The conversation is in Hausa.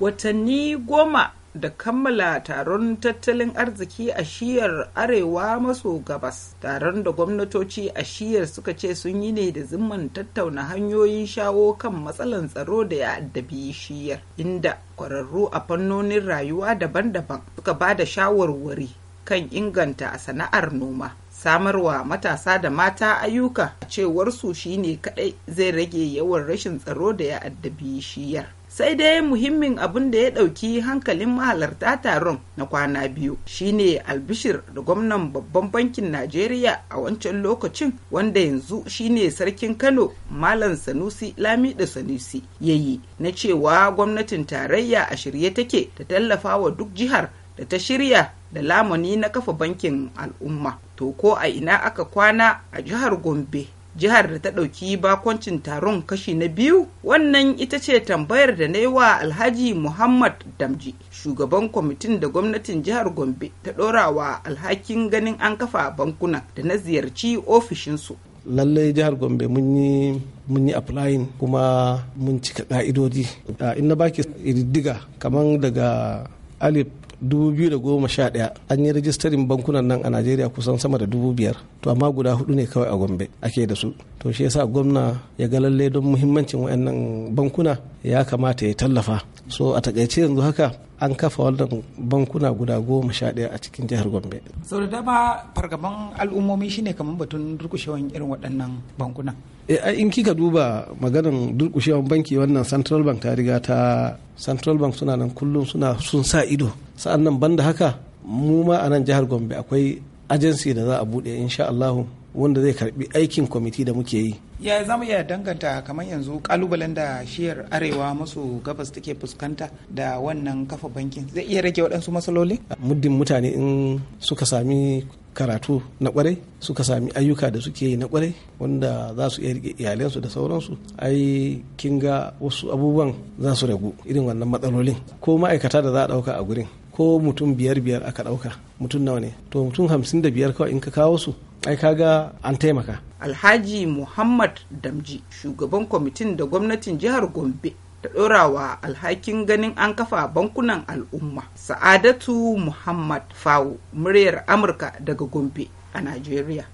watanni goma da kammala taron tattalin arziki a shiyar arewa maso gabas taron da gwamnatoci a shiyar suka ce sun yi ne da zimman tattauna hanyoyin shawo kan matsalan tsaro da ya addabi shiyar inda kwararru a fannonin rayuwa daban-daban suka ba da shawarwari kan inganta a sana'ar noma samarwa matasa da mata ayyuka a cewar su shine kadai zai rage yawan rashin tsaro da ya addabi shiyar sai dai muhimmin abin da ya ɗauki hankalin mahalarta taron na kwana biyu shine albishir da gwamnan babban bankin najeriya a wancan lokacin wanda yanzu shine sarkin kano malam sanusi Lami da sanusi ya yi na cewa gwamnatin tarayya a shirye take ta tallafa wa duk jihar da ta shirya da lamuni na kafa bankin al'umma to ko a ina aka kwana a jihar gombe jihar da ta ɗauki bakoncin taron kashi na biyu wannan ita ce tambayar da na yi wa alhaji muhammad damji shugaban kwamitin da gwamnatin jihar gombe ta ɗora alhakin ganin an kafa bankuna da na ziyarci ofishinsu lallai jihar gombe mun yi applying kuma mun cika ka'idodi in baki ididdiga kamar daga alif 2011 an yi rijistarin bankunan nan a najeriya kusan sama da dubu biyar to amma guda hudu ne kawai a gombe ake da su to shi yasa gwamna ya ga lalle don muhimmancin wayannan bankuna ya kamata ya tallafa so a takaice yanzu haka an kafa wannan bankuna guda goma sha ɗaya a cikin jihar gombe sau da dama fargaban al'ummomi shine kamar batun durkushewan irin waɗannan bankuna eh, in kika duba maganin durkushewan banki wannan central bank ta riga ta central bank suna nan kullum suna sun sa ido sa'an nan banda haka mu ma a nan jihar gombe akwai agency da za a buɗe insha allahu wanda zai karbi aikin kwamiti da muke yi ya za mu iya danganta kamar yanzu kalubalen da shiyar arewa maso gabas take fuskanta da wannan kafa bankin zai iya rage waɗansu matsaloli muddin mutane in suka sami karatu na kwarai suka sami ayyuka da suke yi na kwarai wanda za su iya rike iyalansu da sauransu ai kin ga wasu abubuwan za su ragu irin wannan matsalolin ko ma'aikata da za a ɗauka a gurin ko mutum biyar biyar aka ɗauka mutum nawa ne to mutum hamsin da biyar kawai in ka kawo su ai kaga an taimaka alhaji muhammad damji shugaban kwamitin da gwamnatin jihar gombe ta ɗorawa alhakin ganin an kafa bankunan al'umma sa'adatu muhammad fawo muryar amurka daga gombe a najeriya